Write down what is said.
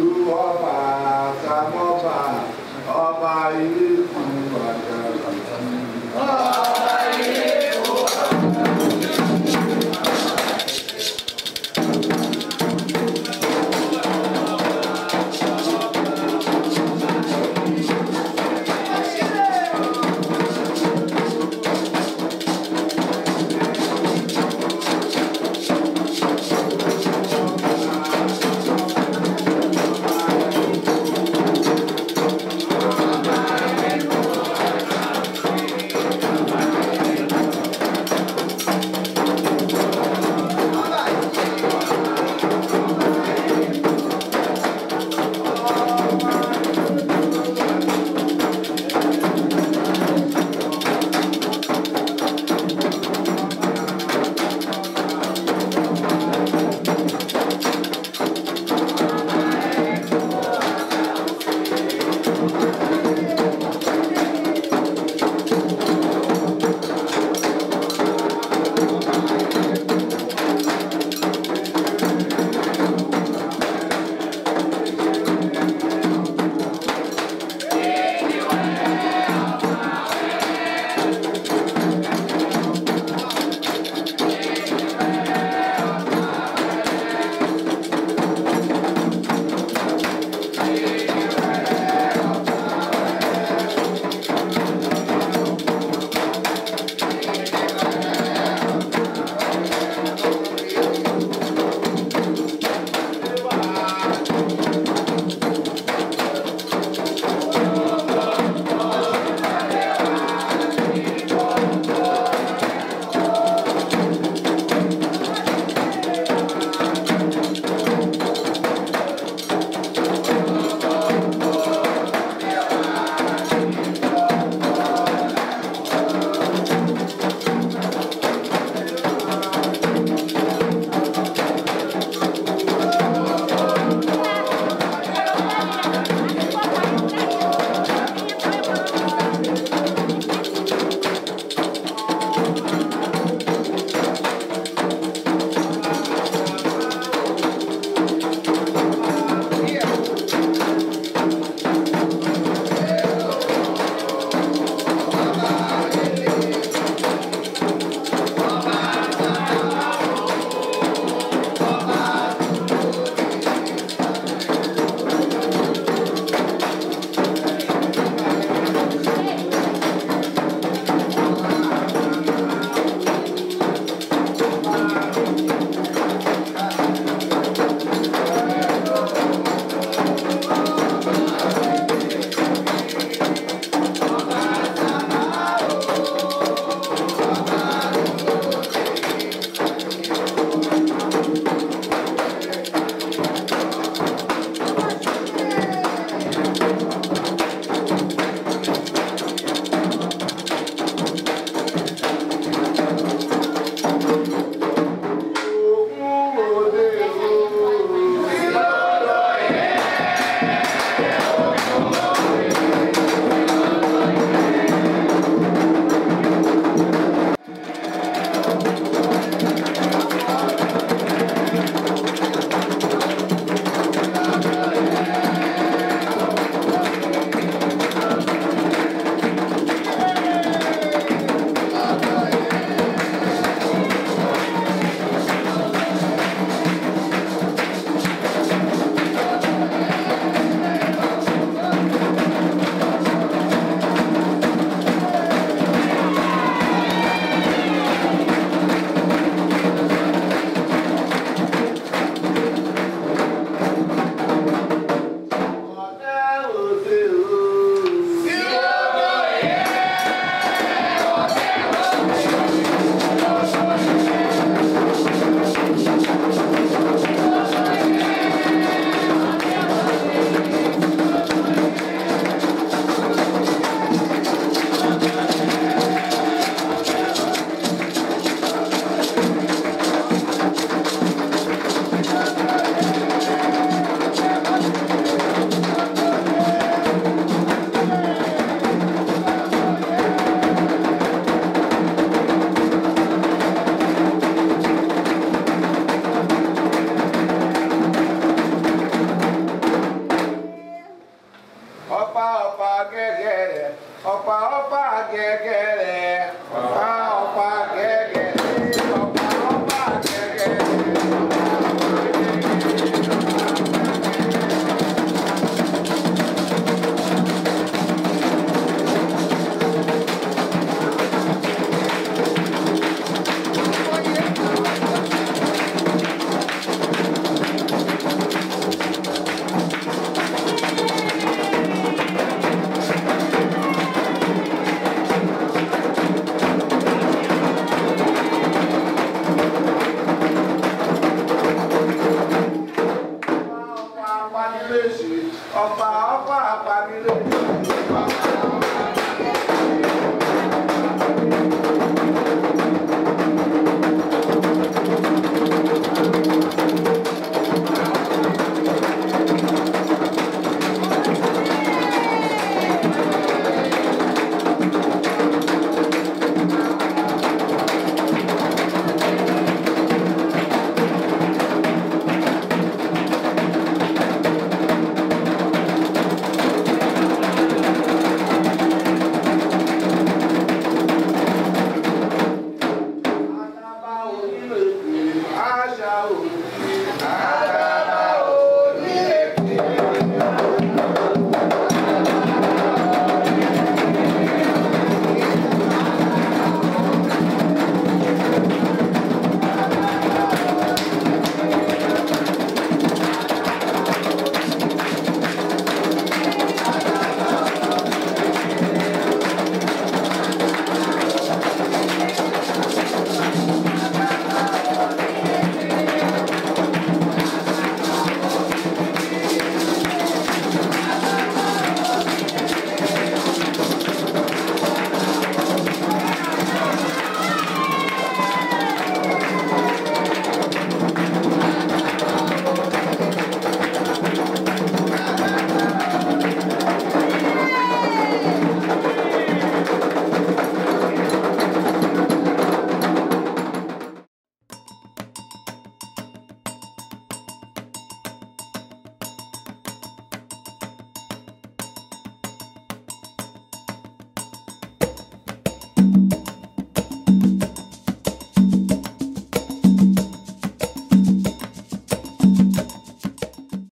olú ọba àtàmọ́ba ọba ilé ìkùn àjàrà.